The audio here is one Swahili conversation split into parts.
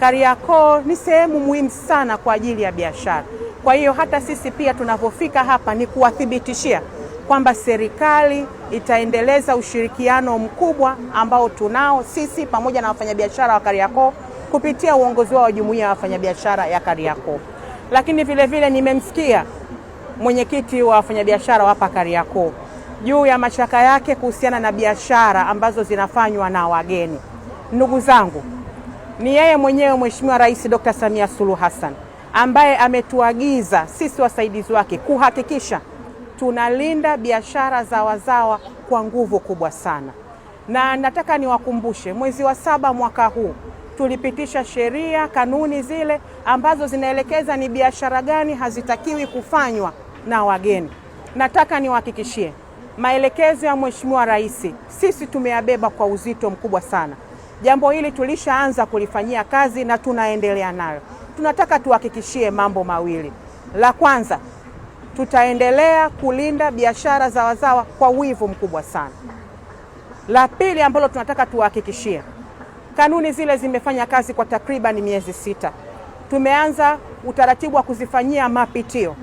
Kariakoo ni sehemu muhimu sana kwa ajili ya biashara. Kwa hiyo hata sisi pia tunavyofika hapa ni kuwathibitishia kwamba serikali itaendeleza ushirikiano mkubwa ambao tunao sisi pamoja na wafanyabiashara wa Kariakoo kupitia uongozi wao wa jumuiya ya wafanyabiashara ya Kariakoo. Lakini vile vile nimemsikia mwenyekiti wa wafanyabiashara hapa Kariakoo juu ya mashaka yake kuhusiana na biashara ambazo zinafanywa na wageni. Ndugu zangu ni yeye mwenyewe Mheshimiwa Rais Dr. Samia Suluhu Hassan ambaye ametuagiza sisi wasaidizi wake kuhakikisha tunalinda biashara za wazawa kwa nguvu kubwa sana, na nataka niwakumbushe, mwezi wa saba mwaka huu tulipitisha sheria, kanuni zile ambazo zinaelekeza ni biashara gani hazitakiwi kufanywa na wageni. Nataka niwahakikishie maelekezo ya Mheshimiwa Rais sisi tumeyabeba kwa uzito mkubwa sana. Jambo hili tulishaanza kulifanyia kazi na tunaendelea nalo. Tunataka tuhakikishie mambo mawili. La kwanza, tutaendelea kulinda biashara za wazawa kwa wivu mkubwa sana. La pili ambalo tunataka tuhakikishie, kanuni zile zimefanya kazi kwa takriban miezi sita. Tumeanza utaratibu wa kuzifanyia mapitio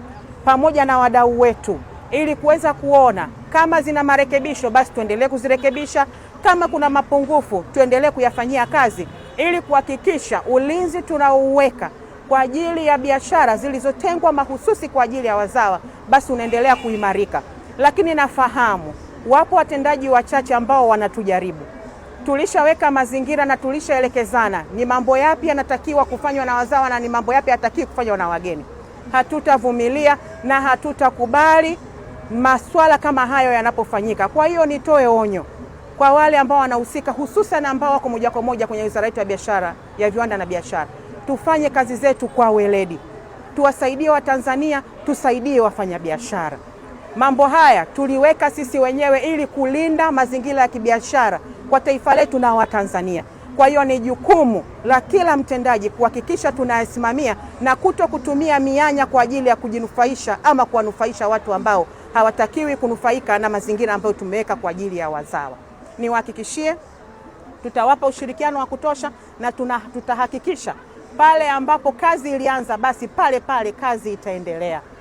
pamoja na wadau wetu ili kuweza kuona kama zina marekebisho, basi tuendelee kuzirekebisha kama kuna mapungufu tuendelee kuyafanyia kazi ili kuhakikisha ulinzi tunaouweka kwa ajili ya biashara zilizotengwa mahususi kwa ajili ya wazawa basi unaendelea kuimarika. Lakini nafahamu wapo watendaji wachache ambao wanatujaribu. Tulishaweka mazingira na tulishaelekezana ni mambo yapi yanatakiwa kufanywa na wazawa na ni mambo yapi yatakiwa kufanywa na wageni. Hatutavumilia na hatutakubali maswala kama hayo yanapofanyika. Kwa hiyo nitoe onyo kwa wale ambao wanahusika, hususan ambao wako moja kwa moja kwenye wizara yetu ya biashara ya viwanda na biashara, tufanye kazi zetu kwa weledi, tuwasaidie Watanzania, tusaidie wafanyabiashara. Mambo haya tuliweka sisi wenyewe ili kulinda mazingira ya kibiashara kwa taifa letu na Watanzania. Kwa hiyo ni jukumu la kila mtendaji kuhakikisha tunayasimamia na kuto kutumia mianya kwa ajili ya kujinufaisha ama kuwanufaisha watu ambao hawatakiwi kunufaika na mazingira ambayo tumeweka kwa ajili ya wazawa niwahakikishie tutawapa ushirikiano wa kutosha na tuna, tutahakikisha pale ambapo kazi ilianza basi pale pale kazi itaendelea.